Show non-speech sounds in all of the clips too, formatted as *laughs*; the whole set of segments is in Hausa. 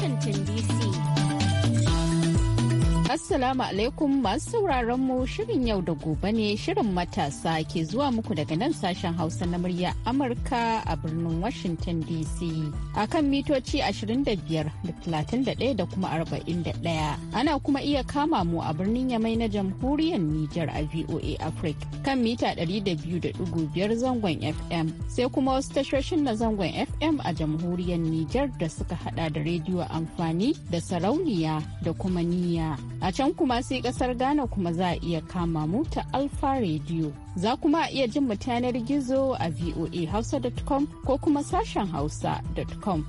Washington, D.C. Assalamu alaikum masu sauraron mu shirin yau da gobe ne shirin matasa ke zuwa muku daga nan sashen Hausa na murya Amurka a birnin Washington DC a kan mitoci 25 da da kuma 41. Ana kuma iya kama mu a birnin Yamai na jamhuriyar Nijar a VOA Africa kan mita 200.5 zangon FM sai kuma wasu tashoshin na zangon FM a jamhuriyar Nijar da suka hada da rediyo amfani da sarauniya da kuma niyya. A can kuma sai kasar Ghana kuma za a iya kama mu ta Alfa Radio. Za kuma a iya jin mu gizo a voahausa.com ko kuma sashen hausa.com.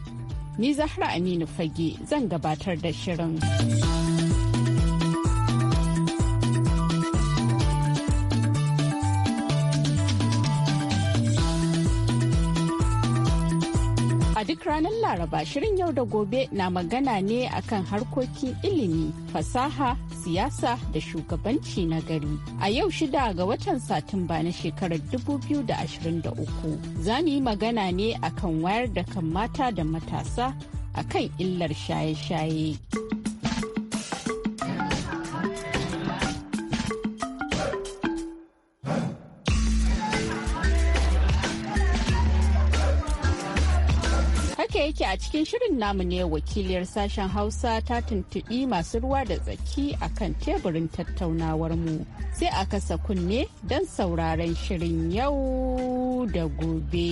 Ni Zahra Aminu Fage zan gabatar da shirin. duk ranar Laraba shirin yau da gobe na magana ne akan harkokin ilimi, fasaha, siyasa da shugabanci na gari. A yau shida ga watan Satumba na shekarar 2023 za mu yi magana ne akan wayar da kan mata da matasa akan illar shaye-shaye. yake a cikin shirin namu ne wakiliyar sashen hausa ta tuntuɓi masu ruwa da tsaki a kan teburin tattaunawar mu sai a kasa kunne don sauraron shirin yau da gobe.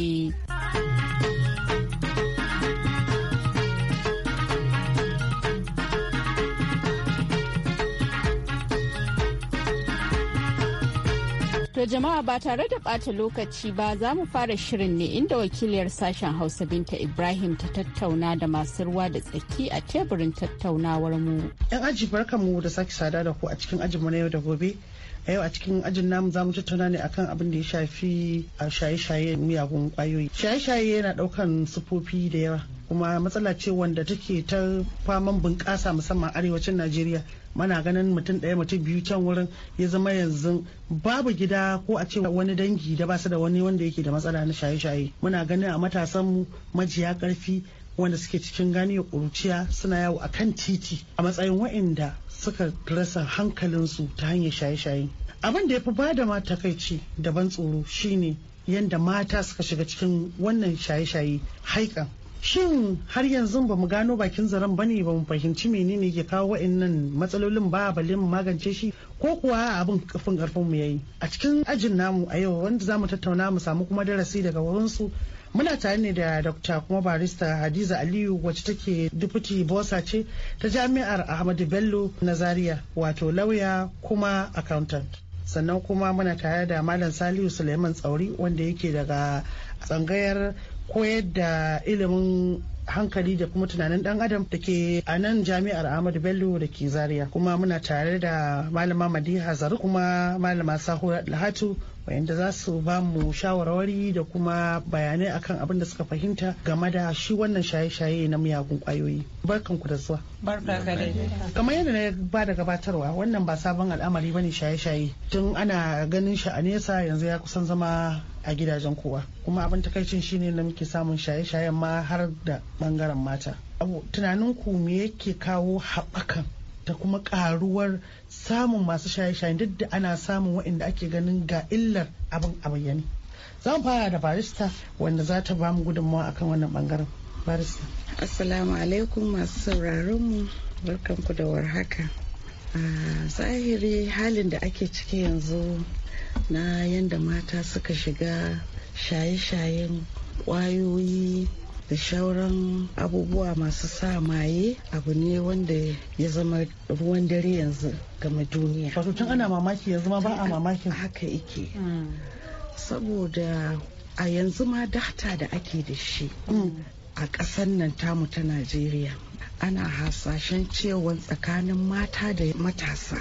To jama'a ba tare da ɓata lokaci ba za mu fara shirin ne inda wakiliyar sashen Hausa Binta Ibrahim ta tattauna da masu ruwa da tsaki a teburin tattaunawar mu. Yan aji barkanmu da sake sada da ku a cikin ajinmu na yau da gobe. a yau a cikin ajin namu za mu tattauna ne akan abin da ya shafi a shaye-shaye miyagun kwayoyi shaye-shaye yana daukan sufofi da yawa kuma matsala ce wanda take ta faman bunƙasa musamman arewacin najeriya mana ganin mutum ɗaya mutum biyu can wurin ya zama yanzu babu gida ko a ce wani dangi da basu da wani wanda yake da matsala na shaye-shaye muna ganin a matasanmu majiya karfi. wanda suke cikin ganiyar kuruciya suna yawo a kan titi a matsayin waɗanda suka rasa hankalinsu ta hanyar shaye-shaye abin da ya fi bada ma takaici daban tsoro shine yadda mata suka shiga cikin wannan shaye-shaye haikan shin har yanzu ba mu gano bakin zaren bane ba mu fahimci menene ke kawo wa'annan matsalolin ba balin magance shi ko kuwa abin kafin karfin mu yi? a cikin ajin namu a yau wanda za mu tattauna mu samu kuma darasi daga wurinsu? muna tare ne da dokta kuma barista hadiza aliyu wacce take duputi bosa ce ta jami'ar ahmadu bello na zaria wato lauya kuma accountant sannan kuma muna tare da malam saliu suleiman tsauri wanda yake daga tsangayar koyar da ilimin hankali da kuma tunanin dan adam da ke a nan jami'ar ahmadu bello da ke zaria kuma muna tare da malama madiha zaru kuma malama sahura alhatu wayanda za su ba mu shawarwari da kuma bayanai akan abin da suka fahimta game da shi wannan shaye-shaye na miyagun kwayoyi barkanku da zuwa Barka kamar yadda na ba da gabatarwa wannan ba sabon al'amari bane shaye-shaye tun ana ganin shi a nesa yanzu ya kusan zama a gidajen kowa kuma abin takaicin shine na muke samun shaye-shayen ma har da bangaren mata abu tunanin ku me yake kawo haɓakan ta kuma karuwar samun masu shaye-shaye duk da ana samun waɗanda ake ganin ga illar abin a bayyane zan fara da barista wanda za ta bamu gudunmawa akan wannan bangaren barista assalamu alaikum masu sauraron mu ku da warhaka zahiri halin da ake ciki yanzu na yadda mata suka shiga shaye-shayen kwayoyi da shauran abubuwa masu sa maye abu ne wanda ya zama ruwan dare yanzu game duniya ana mamaki yanzu ma ba a mamakin haka ike hmm. saboda a yanzu ma data da ake da shi hmm. a ƙasan nan tamu ta najeriya ana hasashen cewa tsakanin mata da matasa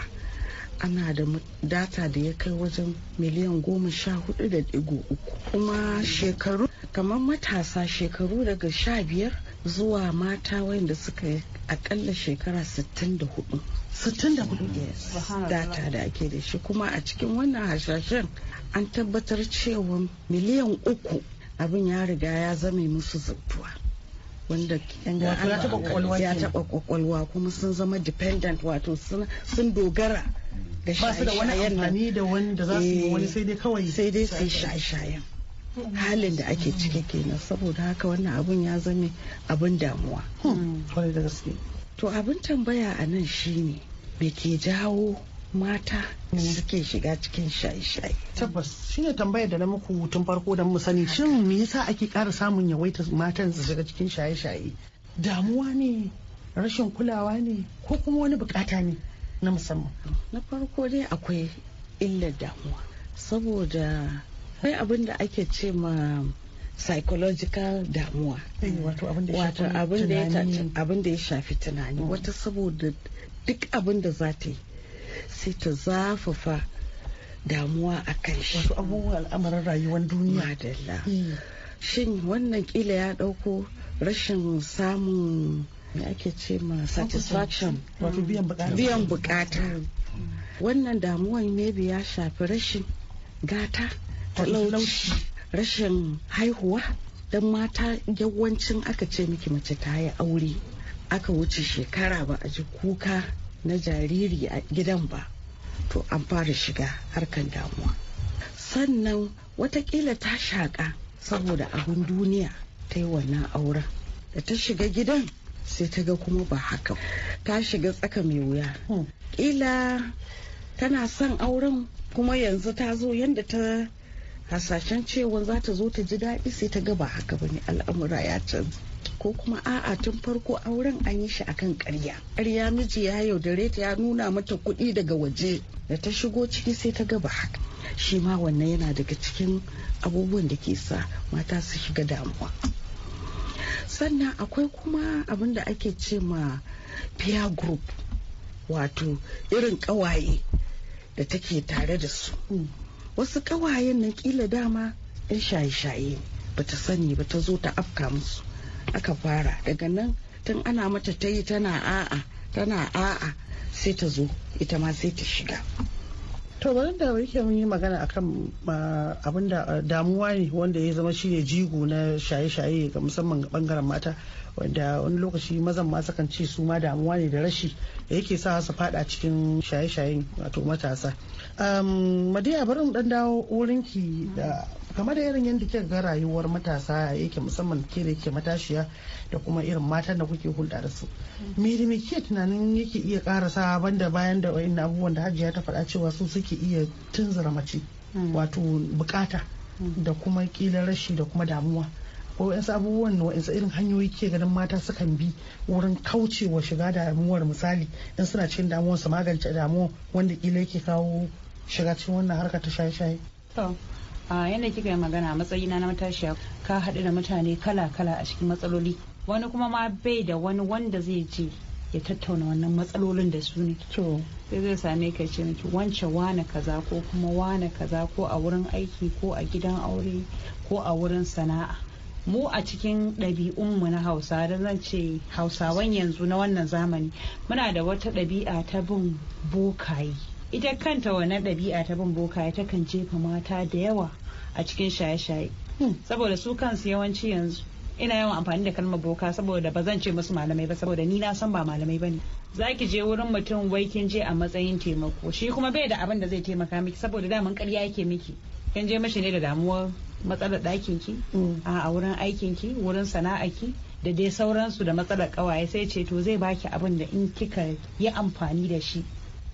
ana da data da ya kai wajen miliyan goma sha hudu da digo uku kuma shekaru kamar matasa shekaru daga sha biyar zuwa mata wanda suka yi akalla shekara 64 hudu. data da ake da shi kuma a cikin wannan hasashen an tabbatar cewa miliyan uku abin ya riga ya zama musu zubtuwa. wanda ya taba kwakwalwa kuma sun zama dependent wato sun dogara da da amfani da wanda za su yi wani eh, sai dai kawai sai dai sai shaye-shayen halin da ake ciki hmm. kenan saboda haka wannan abun ya zame abun damuwa hmm. to abin tambaya a nan shine me ke jawo mata hmm. suke shiga cikin shaye-shaye. Tabbas shine tambayar da na muku tun farko don mu sani shin me yasa ake ƙara samun yawaitar matan su shiga cikin shaye-shaye? Damuwa ne, rashin kulawa ne, ko kuma wani bukata ne. na musamman na farko dai akwai illar damuwa saboda akwai abin da ake ce ma psychological damuwa eh, wato abin da ya shafi tunani mm. wata saboda duk abin da za ta yi sai ta zafafa damuwa a kan shi wasu abubuwan al'amarin rayuwar duniya madalla mm. shin wannan kila ya dauko rashin samun me ake ce ma satisfaction wato biyan bukata wannan damuwan maybe ya shafi rashin gata talauci rashin haihuwa don mata yawancin aka ce miki mace ta yi aure aka wuce shekara ba a ji kuka na jariri a gidan ba to an fara shiga harkan damuwa sannan watakila ta shaka saboda abin duniya ta yi wannan auren da ta shiga gidan sai ta ga kuma ba haka ta shiga tsaka mai wuya ƙila hmm. tana son auren kuma yanzu ta zo yadda ta hasashen cewa za ta zo ta ji daɗi sai ta ga ba haka ba ne al'amura ya canza ko kuma a'a tun farko auren an yi shi akan karya karya miji ya yaudare ta ya nuna mata kuɗi daga waje da ta shigo ciki sai ta gaba haka shi ma wannan yana daga cikin abubuwan da ke sa mata su shiga damuwa sannan akwai kuma abin da ake ce ma peer group wato irin kawaye da take tare da su hmm. wasu kawayen na kila dama in shaye-shaye bata sani ba ta zo ta afka musu aka fara daga nan tun ana mata ta yi tana a'a tana a'a sai ta zo ita ma sai ta shiga to bari da yake mun yi magana akan abin da eh, damuwa ne wanda ya zama shine jigo na shaye-shaye ga musamman ga bangaren mata wanda wani lokaci mazan ma sukan ce su ma damuwa ne da rashi da yake sa su fada cikin shaye-shayen wato matasa madiya bari mu dan dawo wurin da game da irin yadda kika ga rayuwar matasa yake musamman ke da ke matashiya da kuma irin matan da kuke hulɗa da su me da ke tunanin yake iya karasa banda bayan da wayan abubuwan da hajiya ta faɗa cewa su suke iya tunzura mace hmm. wato bukata hmm. da kuma kila rashi da kuma damuwa ko wa'insu abubuwan da wa'insu irin hanyoyi ke ganin mata sukan bi wurin kaucewa shiga damuwar misali in suna cikin damuwar su magance damuwa wanda kila yake kawo shiga cikin wannan harka ta shaye-shaye? To, a yadda kika yi magana a matsayina na matashiya ka haɗu da mutane kala-kala a cikin matsaloli. Wani kuma ma bai da wani wanda zai je ya tattauna wannan matsalolin da su ne. To. Sai zai same ka ce wance wane kaza ko kuma wane kaza ko a wurin aiki ko a gidan aure ko a wurin sana'a. mu a cikin ɗabi'un mu na hausa da zan ce hausawan yanzu na wannan zamani muna da wata ɗabi'a ta bin bokaye ita kanta wannan ɗabi'a ta bin boka ta kan jefa mata da yawa a cikin shaye-shaye hmm. saboda su kansu yawanci yanzu ina yawan amfani da kalmar boka saboda ba zan ce musu malamai ba saboda ni na san ba malamai ba ne za ki je wurin mutum wai kin je a matsayin taimako shi kuma bai da abin da zai taimaka miki saboda daman karya yake miki kin je mashi ne da damuwar matsalar ɗakin ki hmm. a wurin aikin ki wurin sana'a ki da dai sauransu da matsalar ƙawaye sai ce to zai baki abin da in kika yi amfani da shi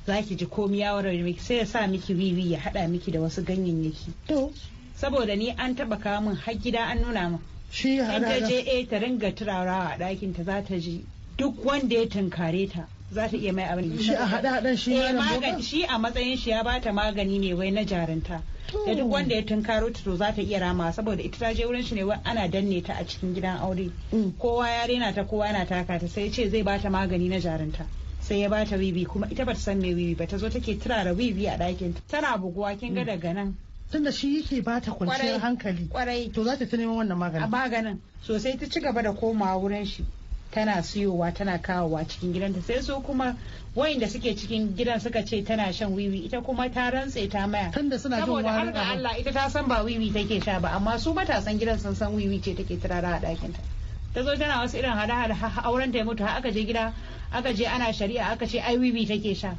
za ki ji komi ya warware miki sai ya sa miki wiwi ya haɗa miki da wasu ganyayyaki to saboda ni an taɓa kawo min har gida an nuna min shi ya haɗa ta je eh ta ringa turarawa a ɗakin ta za ta ji duk wanda ya tunkare ta za ta iya mai abin shi a haɗa haɗa shi ya eh, magani shi a matsayin shi ya ba ta magani ne wai na jarinta da duk wanda ya tunkaro ta to za ta iya rama saboda ita ta je wurin shi ne wai ana danne ta a cikin gidan aure mm. kowa ya rena ta kowa yana taka ta sai ce zai ba ta magani na jarinta sai ya bata wiwi kuma ita bata san me wiwi ba ta zo take turara wiwi a ɗakin tana buguwa kin ga mm. daga nan tunda shi yake bata kwanciyar hankali kwarai to za ta neman wannan maganin a maganin sosai ta ci gaba da komawa wurin shi tana siyowa tana kawowa cikin gidanta sai so kuma wayanda suke cikin gidan suka ce tana shan wiwi ita kuma ta rantse ta maya tunda suna jin wani har Allah ita ta san ba wiwi take sha ba amma su matasan gidan sun san wiwi ce take turara a ɗakinta. ta ta zo tana wasu irin hada-hada auren ta mutu aka je gida aka je ana shari'a aka ce ai wiwi take sha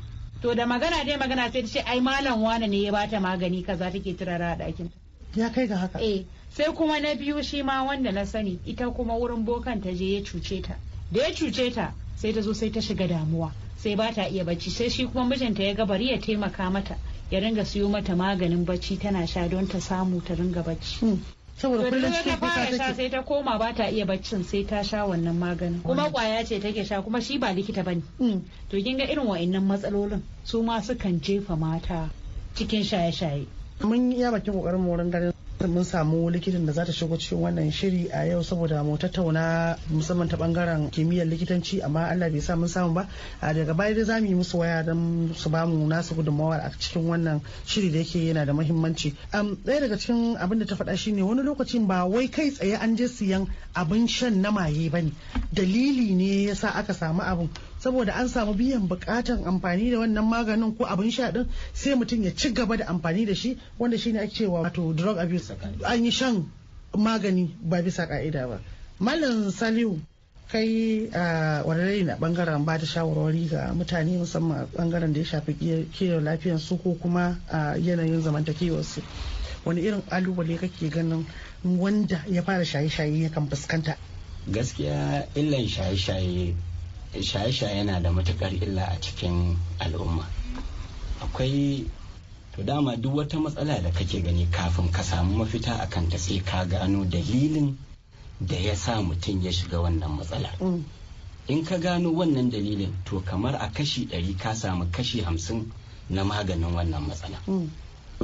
to da magana dai magana sai ta ce ai malam wane ne ya bata magani kaza take turara a ɗakin ya kai ga haka eh sai kuma na biyu shi ma wanda na sani ita kuma wurin bokan ta je ya cuce ta da ya cuce ta sai ta zo sai ta shiga damuwa sai ba ta iya bacci sai shi kuma mijinta ya ga bari ya taimaka mata ya ringa siyo mata maganin bacci tana sha don ta samu ta ringa bacci hmm. saboda kullum cikin fita take sha sai ta koma ba ta iya baccin sai ta sha wannan maganin kuma kwaya ce take sha kuma shi ba likita bane mm. to kin ga irin wa'annan matsalolin su ma sukan jefa mata cikin shaye-shaye mun yi ya bakin kokarin mu wurin dare mun samu likitan da za ta shigo cikin wannan shiri a yau saboda mu tattauna musamman ta bangaren kimiyyar likitanci amma Allah bai sa mun samu ba a daga baya dai zamu yi musu waya don su ba mu nasu gudummawa a cikin wannan shiri da yake yana da muhimmanci am ɗaya daga cikin abin da ta faɗa shine wani lokacin ba wai kai tsaye an je siyan abin shan na maye bane dalili ne yasa aka samu abin saboda an samu biyan bukatan amfani da wannan maganin ko abin sha din sai mutum ya ci gaba da amfani da shi wanda shine ake cewa wato drug abuse an yi shan magani ba bisa ka'ida ba malam saliu kai a wadare na bangaren ba ta shawarwari ga mutane musamman bangaren da ya shafi kiyar lafiyar su ko kuma a yanayin zamantakewar su wani irin kalubale kake ganin wanda ya fara shaye-shaye yakan fuskanta gaskiya illan shaye-shaye shaye-shaye yana da matukar illa a cikin al'umma akwai to dama duk wata matsala da kake gani kafin ka samu mafita a ta sai ka gano dalilin da ya sa mutum ya shiga wannan matsala mm. in ka gano wannan dalilin to kamar a kashi ɗari ka samu kashi hamsin na maganin wannan matsala mm.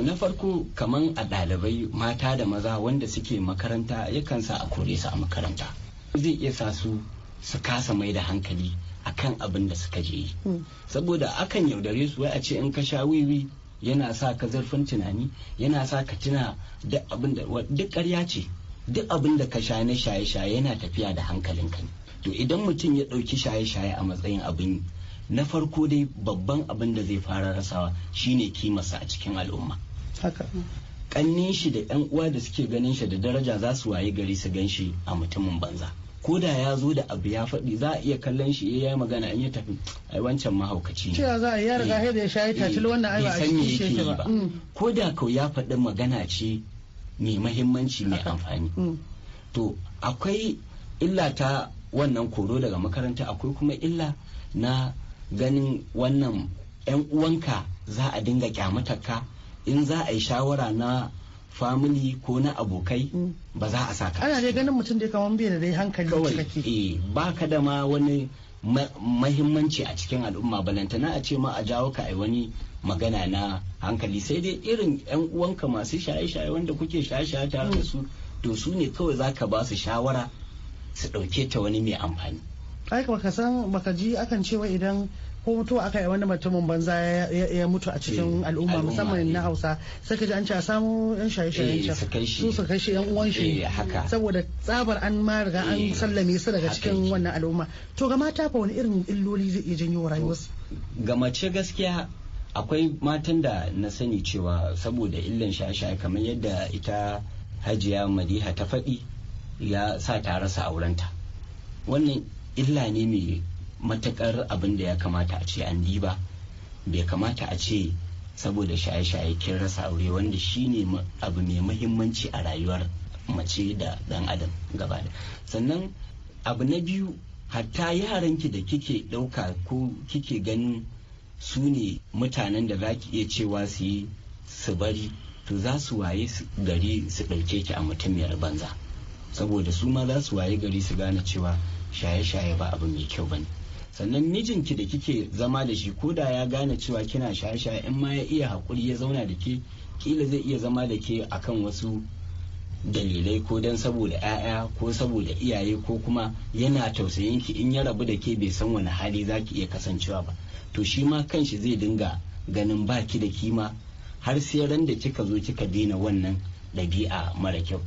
na farko kamar a ɗalibai mata da maza wanda suke makaranta yakan sa a kore su a makaranta zai iya sa su su kasa mai da hankali a kan abin da suka je yi hmm. saboda akan yaudare su wai a ce in ka sha wiwi yana sa ka zarfin tunani yana sa ka tuna duk abin duk ƙarya ce duk abin da ka sha na shaye-shaye yana tafiya da hankalin ka. to idan mutum ya ɗauki shaye-shaye a matsayin abin na farko dai babban abin da zai fara rasawa shine kimarsa a cikin al'umma haka kannin shi da yan uwa da suke ganin shi da daraja za su waye gari su gan shi a mutumin banza ko da ya zo da abu ya faɗi za a iya kallon shi eh, ya yi magana in ya tafi a wancan mahaukaci ne cewa za a yi riga eh, da ya sha eh, tatil wannan ai ba a cikin shi ba mm. ko da kau ya faɗi magana ce mai mahimmanci mai amfani mm. to akwai illa ta wannan koro daga makaranta akwai kuma illa na ganin wannan 'yan uwanka za a dinga kyamataka in za a yi shawara na Famili ko na abokai mm. ba za a sa ka. ana dai ganin mutum da kaman bai da dai hankali kawai eh ka da ma wani mahimmanci a cikin al'umma balantana a ce ma a jawo ka ai wani magana na hankali sai dai irin yan uwanka masu shaye-shaye wanda kuke shaye-shaye tare da mm. su to su ne kawai za ka ba su shawara su ɗauke ta wani mai amfani ai baka san baka ji akan cewa idan ko mutuwa aka yi wani mutumin banza ya mutu a cikin eh, al'umma musamman na hausa sai ka ji an ce a samu yan shaye shaye eh, su su kai shi yan uwan shi eh, saboda tsabar an ma riga an sallame su daga cikin wannan al'umma to ga mata fa wani irin illoli zai iya janyo su ga mace gaskiya akwai matan da na sani cewa saboda illan shaye-shaye kamar yadda ita hajiya madiha ta faɗi ya sa ta rasa aurenta wannan illa ne mai matakar abin da ya kamata a ce an diba bai kamata a ce saboda shaye-shaye kin rasa aure wanda ne abu mai mahimmanci a rayuwar mace da dan adam gaba da sannan abu na biyu hatta yaranki da kike ɗauka ko kike ganin su ne mutanen da za ki iya cewa su yi su bari to za su waye gari su ɗauke ki a mutum yar banza saboda su ma za su waye gari su gane cewa shaye-shaye ba abu mai kyau ba ne. sannan mijinki da kike zama da shi ko da ya gane cewa kina shaye-shaye in ma ya iya haƙuri ya zauna da ke kila zai iya zama da ke akan wasu dalilai ko don saboda 'ya'ya ko saboda iyaye ko kuma yana tausayin ki in ya rabu da ke bai san wani hali za ki iya kasancewa ba to shi ma kan shi zai dinga ganin ba ki da kima har sai ran da kika zo kika daina wannan ɗabi'a mara kyau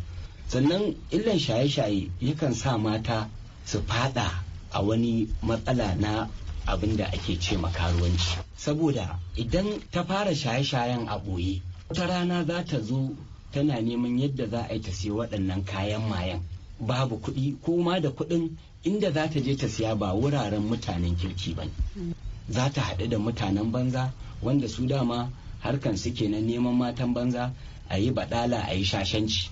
sannan illan shaye-shaye yakan sa mata su fada a wani matsala na abin da ake ce makaruwanci saboda idan ta fara shaye-shayen a ɓoye ta rana za ta zo tana neman yadda za a yi ta siya waɗannan kayan mayan babu kuɗi ko ma da kuɗin inda za ta je ta siya ba wuraren mutanen kirki ba za ta haɗu da mutanen banza wanda su dama harkan suke na neman matan banza a yi baɗala a yi shashanci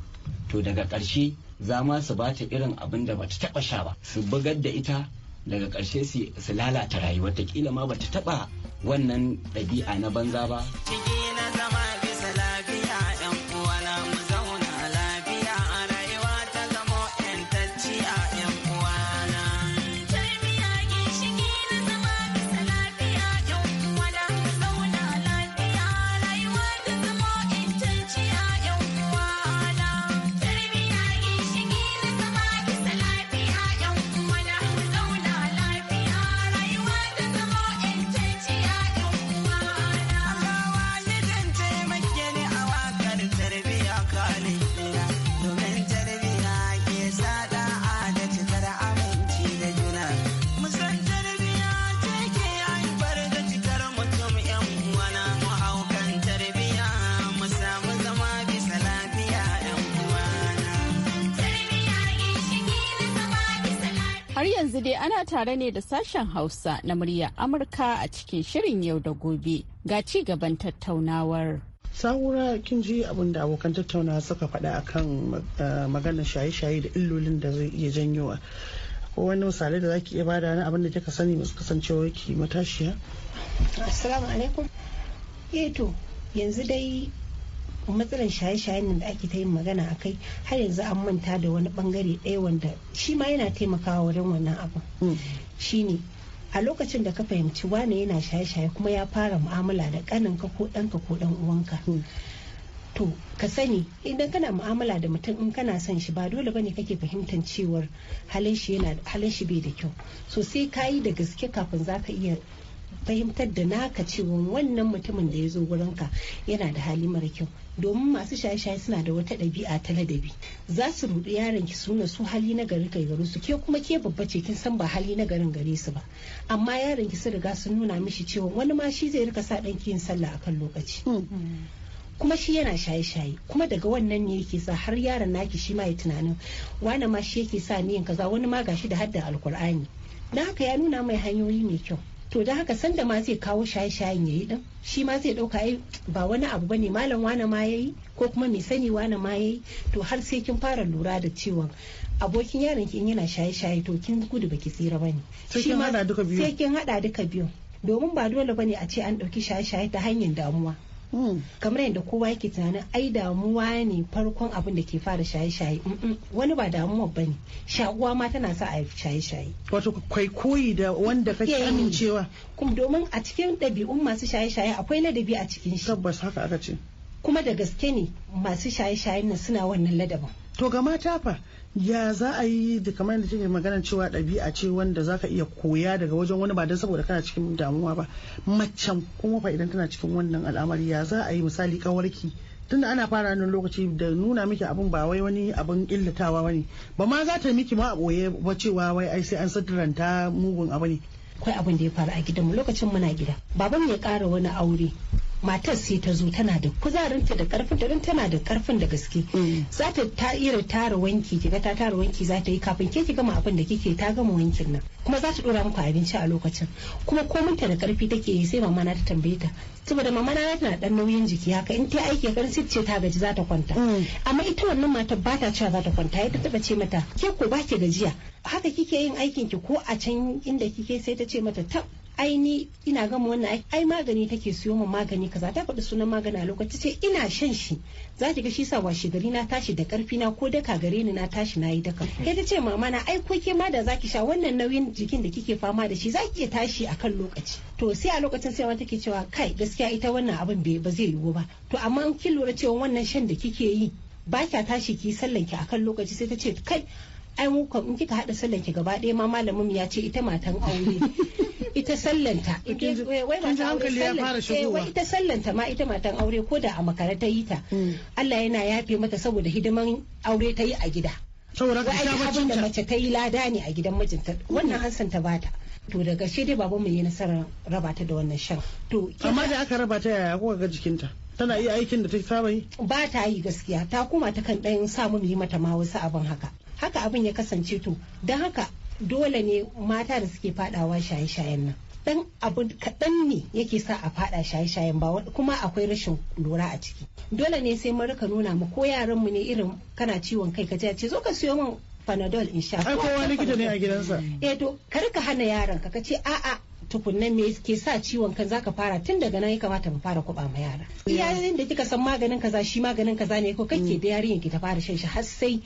to daga ƙarshe za ma su ba ta irin abin da ba ta taɓa sha ba su bugar da ita daga ƙarshe su lalata rayuwa, ta kila ma ba ta taɓa wannan ɗabi'a na banza ba. dai ana tare ne da sashen Hausa na murya Amurka a cikin shirin yau da gobe ga ci gaban tattaunawar. Sahura kin ji abin da abokan tattaunawa suka faɗa kan eh, maganar shaye-shaye da illolin da zai iya janyowa. Ko wani misali da zaki iya bada na abin da kika sani masu kasancewa ki matashiya? Assalamu alaikum. Eto, eh yanzu dai matsalar shaye-shayen da ake ta yin magana a kai har yanzu an manta da wani bangare ɗaya wanda shi ma yana taimakawa wajen wannan mm. shi shine a lokacin da ka fahimci wane yana shaye-shaye kuma ya fara mu'amala da kaninka ko ɗanka ko ɗan uwanka mm. to ka sani idan kana mu'amala da mutum in kana son shi ba dole bane kake fahimtar cewar halin shi halin shi bai da kyau sosai sai ka yi da gaske kafin za ka iya fahimtar da naka cewa wannan mutumin da ya zo wurinka yana da hali mara kyau domin masu shaye-shaye suna da wata ɗabi'a ta ladabi za su rudu yaron ki suna su hali na gari kai gare su ke kuma ke babba ce kin san ba hali na garin gare su ba amma yaron ki su riga sun nuna mishi cewa wani ma shi zai rika sa ɗan yin sallah a kan lokaci hmm. kuma shi yana shaye-shaye kuma daga wannan ne yake sa har yaron naki shi ma ya tunanin wani ma shi yake sa ni yin kaza wani ma gashi da hadda alkur'ani na haka ya nuna mai hanyoyi mai kyau to da haka sanda ma zai kawo shaye-shayen ya yi din shi ma zai ɗauka ai ba wani abu bane malam wane ma yayi ko kuma mai sani wane ma yayi to har sai kin fara lura da cewa abokin yaron ki yana shaye-shaye to kin gudu baki tsira bane shi ma sai kin hada duka biyu domin ba dole bane a ce an ɗauki shaye-shaye ta hanyar damuwa Hmm. kamar yadda kowa yake tunanin ai damuwa ne farkon abin da ke fara shaye-shaye wani ba damuwa ba ne shaguwa ma tana sa a shaye-shaye wato kai koyi da wanda kake amincewa kuma domin a cikin ɗabi'un masu shaye-shaye akwai ladabi a cikin shi tabbas haka aka ce kuma da gaske ne masu shaye shaye nan suna wannan ladabin to ga mata fa ya za a yi da kamar yadda kike magana cewa ɗabi'a ce wanda za ka iya koya daga wajen wani ba don saboda kana cikin damuwa ba macen kuma fa idan tana cikin wannan al'amari ya za a yi misali kawarki tunda ana fara nan lokaci da nuna miki abin ba wai wani abin illatawa ne ba ma za ta miki ma a boye ba cewa wai ai sai an sadaranta mugun abu ne akwai abin da ya faru a gidanmu lokacin muna gida baban ya kara wani aure matar sai ta zo tana da kuzarinta da karfin da tana da karfin da gaske mm. za ta ta tara wanki kiga ta tara wanki za ta yi kafin ke ki gama abin da kike ta gama wankin nan kuma za ta dora muku abinci a lokacin kuma ko kominta da karfi take yi sai mama na ta tambaye ta saboda mama na tana dan nauyin jiki haka in ta aiki kan sai ce ta gaji za ta kwanta mm. amma ita wannan matar ba ta cewa za ta kwanta ya ta taba ce mata ke ko ba ki gajiya haka kike yin aikin ki ko a can inda kike sai ta ce mata tab ai ni ina gama wannan ai magani take siyo ma magani kaza ta faɗi sunan magani a lokaci ce ina shan shi za ki ga shi sa washe gari na tashi da ƙarfi na ko daka gare ni na tashi na yi daka kai ta ce mama na ai ko ke ma da zaki sha wannan nauyin jikin da kike fama da shi zaki iya tashi akan lokaci to sai a lokacin sai ma take cewa kai gaskiya ita wannan abin bai ba zai yiwu ba to amma in kin lura cewa wannan shan da kike yi ba kya tashi ki sallanki akan lokaci sai ta ce kai ai mu in kika hada sallan ki gaba ɗaya ma malamin ya ce ita matan aure ita sallanta eh, ita sallanta ma ita matan aure ko da a makare ta yi ta hmm. Allah yana yafe mata saboda hidiman aure ta yi a gida saboda abin da mace ta yi lada ne a gidan mijinta hmm. wannan hansan ta bata to daga shi dai mu yi nasarar raba ta da wannan shan to amma da aka raba ta yaya kuka ga jikinta tana iya aikin da ta saba yi ba ta yi gaskiya ta kuma ta kan dan samu mu yi mata ma wasu abin haka haka abin ya kasance to don haka dole ne mata da suke fadawa shaye-shayen nan dan abu kaɗan ne yake sa a fada shaye-shayen ba kuma akwai rashin lura a ciki dole ne sai mun rika nuna mu ko yaran mu ne irin kana ciwon kai ka ce zo ka siyo min panadol in sha kowa likita ne a gidansa eh to ka rika hana yaran ka ce a'a Tukunnan me ke sa ciwon kan zaka fara tun daga nan ya kamata mu fara kuɓa ma yara iyayen da kika san maganin kaza shi maganin kaza ne ko kake da yarinyar ki ta fara shan shi har sai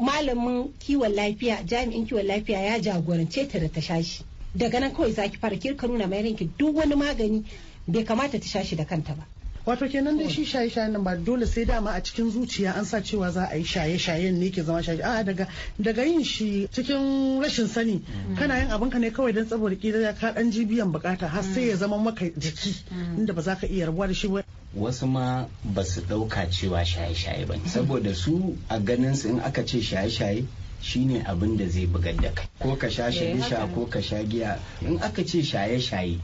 malamin kiwon lafiya jami'in kiwon lafiya ya jagorance ta da ta sha shi daga nan kawai zaki fara kirka nuna ma ki duk wani magani bai kamata ta sha shi da kanta ba wato kenan dai shi shaye shayen nan ba dole sai dama a cikin zuciya an sa cewa za a yi shaye shayen ne ke zama shaye a daga daga yin shi cikin rashin sani kana yin ka ne kawai don saboda ya ka ɗan ji biyan bukata har sai ya zama maka jiki inda ba za ka iya rabuwa da shi ba wasu ma ba su dauka cewa shaye shaye ba saboda su a ganin su in aka ce shaye shaye shine abin da zai bugar da kai ko ka sha eh, sha ko ka sha giya in aka ce shaye shaye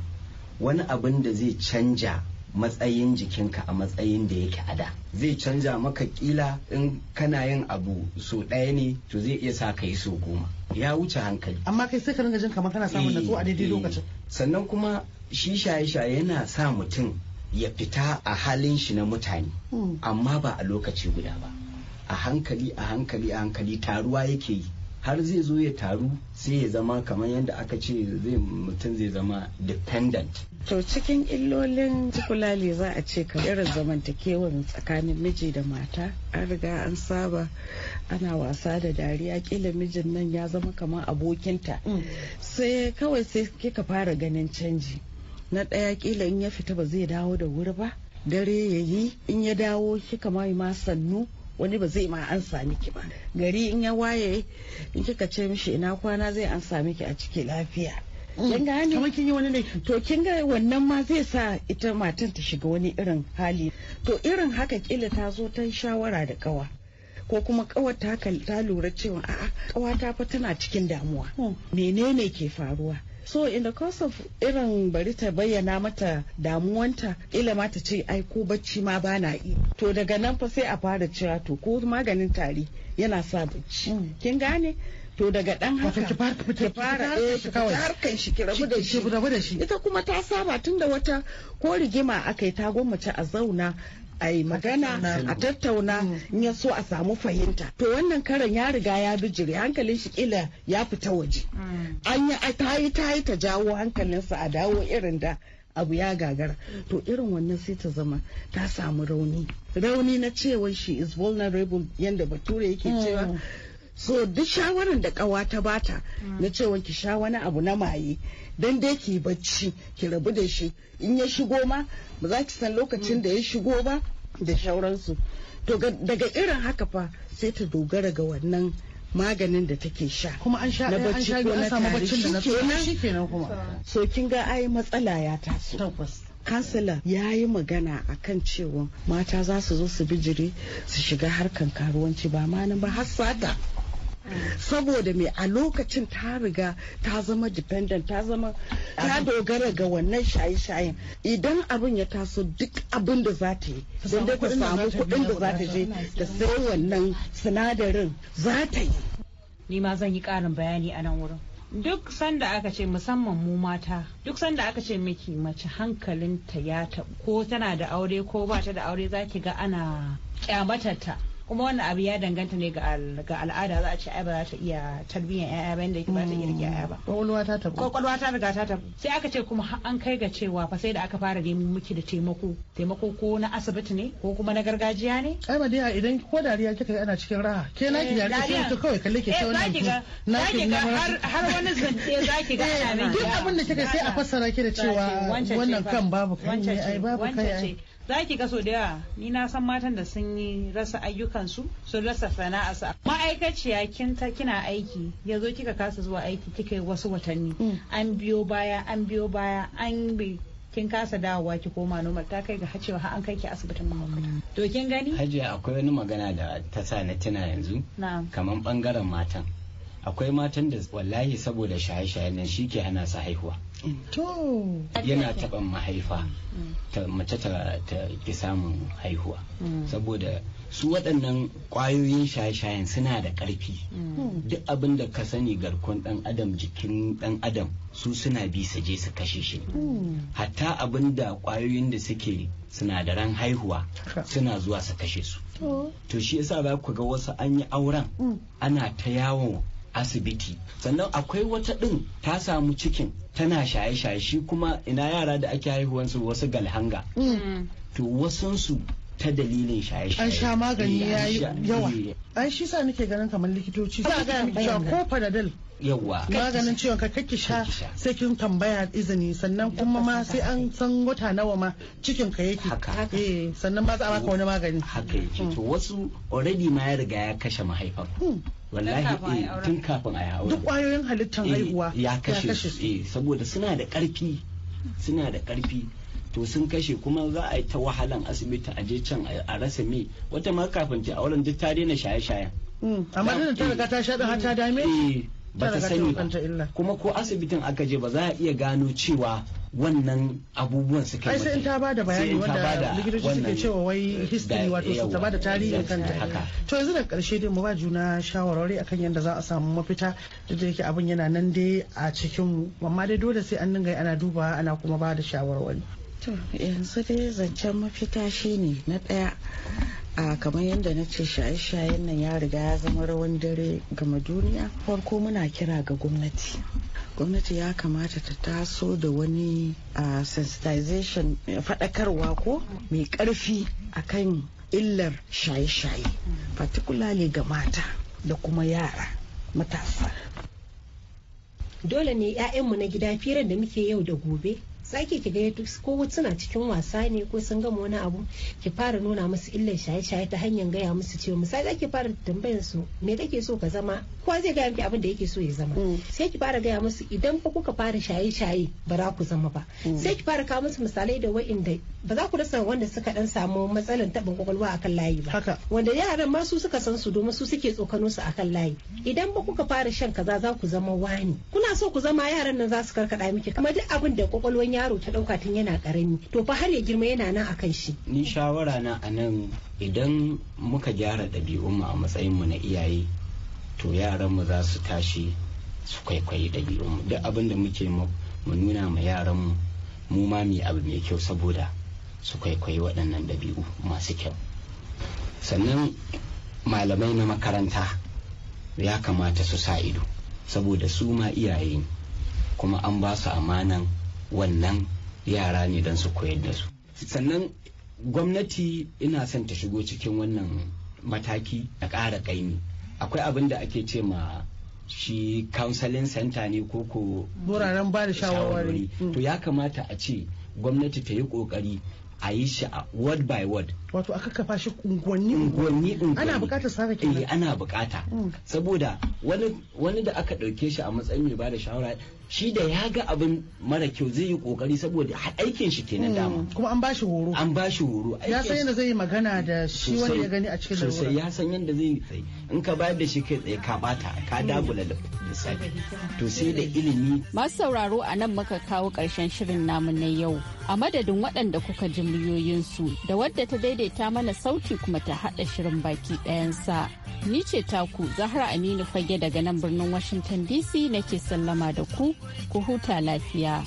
wani abin da zai canja matsayin jikinka a matsayin da yake a da zai canja maka kila in kana yin abu so ɗaya ne to zai iya sa ka yi so goma ya wuce hankali amma kai sai ka ringa jin kamar kana samun natsuwa a daidai eh, eh. lokacin sannan kuma shi shaye-shaye yana sa mutum ya fita a halin shi na mutane hmm. amma ba a lokaci guda ba a hankali a hankali a hankali taruwa yake yi har zai zo ya taru sai ya zama kamar yadda aka ce zai mutum zai zama dependent to cikin illolin tukulali za a ce ka irin zamantakewar tsakanin miji da mata an riga an saba ana wasa da dariya kila mijin nan ya zama kamar abokinta mm. sai kawai sai kika fara ganin canji na ɗaya kila in ya fita ba zai dawo da wuri ba dare ya yi in ya dawo kika mai ma sannu wani ba zai ma an sami ki ba gari in ya waye in kika ce mishi ina kwana zai an sami ki a ciki lafiya mm. kin ga kin yi wani to kin ga wannan ma zai sa ita matan ta shiga wani irin hali to irin haka kila ta zo ta shawara da kawa ko kuma kawar ta lura cewa a'a kawa ta fa tana cikin damuwa mm. menene ke faruwa so in the course of irin bari ta bayyana mata damuwanta ila ma ta ce ai ko bacci ma ba na yi to daga nan fa sai a fara cewa to ko maganin tari yana sa bacci mm. kin gane to daga dan haka ki fara ki fara eh kawai harkan shi ki rabu da shi rabu da shi ita kuma ta saba tun da wata ko rigima akai ta gwammace a zauna a yi magana a tattauna mm. in ya so a samu fahimta to wannan karan ya riga ya bijiri hankalin shi kila ya fita waje mm. an yi ta yi ta yi ta jawo hankalinsa a dawo irin da abu ya gagara to irin wannan sai ta zama ta samu rauni rauni na cewa shi is vulnerable yadda bature yake mm. cewa so duk shawarar da kawa ta bata na cewa ki sha wani abu na maye don dai ki bacci ki rabu da shi in ya shigo ma ba za ki san lokacin da ya shigo ba da shauransu to daga irin haka fa sai ta dogara ga wannan maganin da take sha kuma an sha an an sha samu baccin da na tare shi kuma so kin ga ai matsala ya taso tabbas kansila ya yi magana a kan cewa mata za su zo su bijire su shiga harkan karuwanci ba ma nan ba har sata saboda me a lokacin ta riga ta zama dependent ta zama ta dogara ga wannan shaye-shayen idan abin ya taso duk abin da za ta yi don ta samu kuɗin da za ta je da sai wannan sinadarin za ta yi ni ma zan yi ƙarin bayani a nan wurin duk sanda aka ce musamman mu mata duk sanda aka ce miki mace hankalinta ya ta ko tana da aure ko ba ta da aure za ki ga ana kyamatarta kuma wannan abu ya danganta ne ga al'ada za a ce ai ba za ta iya tarbiyyar yaya ba yadda ba ta iya rike yaya ba kwakwalwa hmm. ta tabo. kwakwalwa ta riga ta tabo. sai aka ce kuma an kai ga cewa fa sai da aka fara neman miki da taimako taimako ko na asibiti ne ko kuma na gargajiya ne ai ma dai idan ko dariya kika yi ana cikin raha ke na ki dariya sai ta kawai kalle ke ta wannan na ki har wani zance zaki ga *laughs* eh, ana duk abin da kika sai a fassara ki da cewa wannan kan babu kai ai babu kai za ki ga da yawa ni na san matan da sun yi rasa ayyukansu sun rasa sana'a sa ma'aikaciya kin kina aiki ya zo kika kasa zuwa aiki kika yi wasu watanni mm. an biyo baya an biyo baya an bi kin kasa dawowa ki koma noma ta kai ga hacewa har an kai ki asibitin mahaukata mm. to kin gani hajiya akwai wani magana da ta sa na tuna yanzu kamar bangaren matan akwai matan da wallahi saboda shaye-shayen nan shi ke hana su haihuwa yana taɓa mahaifa ta mace ta samun haihuwa mm. saboda su waɗannan ƙwayoyin shaye-shayen suna da ƙarfi mm. duk abin da ka sani garkon ɗan adam jikin ɗan adam su suna bi su su kashe shi mm. hatta abin da ƙwayoyin da suke sinadaran haihuwa suna zuwa su kashe su to shi yasa za ku ga wasu an yi auren ana ta yawon. asibiti sannan akwai wata ɗin ta samu cikin tana shaye-shaye shi kuma ina yara da ake haihuwansu wasu galhanga mm. to wasunsu ta dalilin shaye-shaye an sha magani yayi yawa an shi sa nake ganin kamar likitoci za ga ya ko panadol yawa maganin ciwon ka kake sha sai kin tambaya izini sannan kuma ma sai an san wata nawa ma cikin ka yake eh sannan ba za a baka wani magani haka yake hmm. to wasu already ma ya riga ya kashe mahaifar hmm. wallahi tun kafin a yi eh, aure duk kwayoyin halittar eh, haihuwa ya kashe su eh, saboda suna da karfi suna da karfi to sun kashe kuma za a yi ta wahalan asibiti a je can a rasa me wata ma kafin ta auren duk ta daina shaye shaye hmm, amma tana ta riga ta sha har ta hmm, dame eh, ba ta sani kuma ko asibitin aka je ba za a iya gano cewa wannan abubuwan su kai sai in ta bada bayani wanda likitoci suke cewa wai history wato su ta bada tarihin kanta to yanzu da karshe dai mu ba juna shawarwari akan yadda za a samu mafita duk da yake abin yana nan dai a cikin mu amma dai dole sai an dinga ana duba ana kuma ba da shawarwari to yanzu dai zancen mafita ne na ɗaya a kamar yadda na ce shaye-shayen nan ya riga ya zama rawan dare gama duniya farko muna kira ga gwamnati gwamnati ya kamata ta taso da wani a sensitization faɗakarwa ko mai ƙarfi akan illar shaye-shaye particularly ga mata da kuma yara matasa dole ne 'ya'yanmu na gida firar da muke yau da gobe zaki ki ga duk ko suna cikin wasa ne ko sun gama wani abu ki fara nuna musu illar shaye-shaye ta hanyar gaya musu cewa misali ake fara tambayan su me kake so ka zama kowa zai gaya miki abin da yake so ya zama mm. sai ki fara gaya musu idan fa kuka fara shaye-shaye ba za ku zama ba mm. sai ki fara kawo musu misalai da wa'inda ba za ku rasa wanda suka dan samu matsalan tabin kwakwalwa akan layi ba wanda yaran ma su suka san su domin su suke tsokano su akan layi idan ba kuka fara shan kaza za ku zama wani kuna so ku zama yaran nan za su karkada miki kamar duk abin da kwakwalwan yaro ta dauka tun yana karami to fa har ya girma yana nan akan shi ni shawara na a nan. idan muka gyara ɗabi'un mu a matsayin mu na iyaye to yaran mu za su tashi su kwaikwayi ɗabi'un mu duk abin da muke mu nuna ma yaran mu mu ma mu abu mai kyau saboda su kwaikwayi waɗannan ɗabi'u masu kyau sannan malamai na makaranta ya kamata su sa ido saboda su ma iyaye kuma an ba su amanan wannan yara ne don su koyar da su sannan gwamnati ina son ta shigo cikin wannan mataki na ƙara ƙaimi akwai abin da ake ce ma shi counseling center ne ko ko wuraren ba da shawarwari to ya kamata a ce gwamnati ta yi ƙoƙari a yi shi word by word wato aka kafa shi unguwanni unguwanni ana bukata sa kenan eh ana bukata mm. saboda wani wani da aka dauke shi a matsayin mai bada shawara shi da ya ga abin mara kyau zai yi kokari saboda aikin shi kenan mm. dama kuma an bashi horo an bashi horo ya san yadda zai yi magana da shi wanda ya gani a cikin lura sosai ya san yadda zai yi in ka bayar da shi kai tsaye ka bata ka mm. dagula da lissafi to sai da ilimi masu sauraro a nan muka kawo karshen shirin namu na yau a madadin waɗanda kuka ji muryoyinsu da wadda ta daidai daidaita mana sauti kuma ta haɗa shirin baki ɗayansa. Ni ce taku Zahra Aminu Fage daga nan birnin Washington DC nake sallama da ku, ku huta lafiya.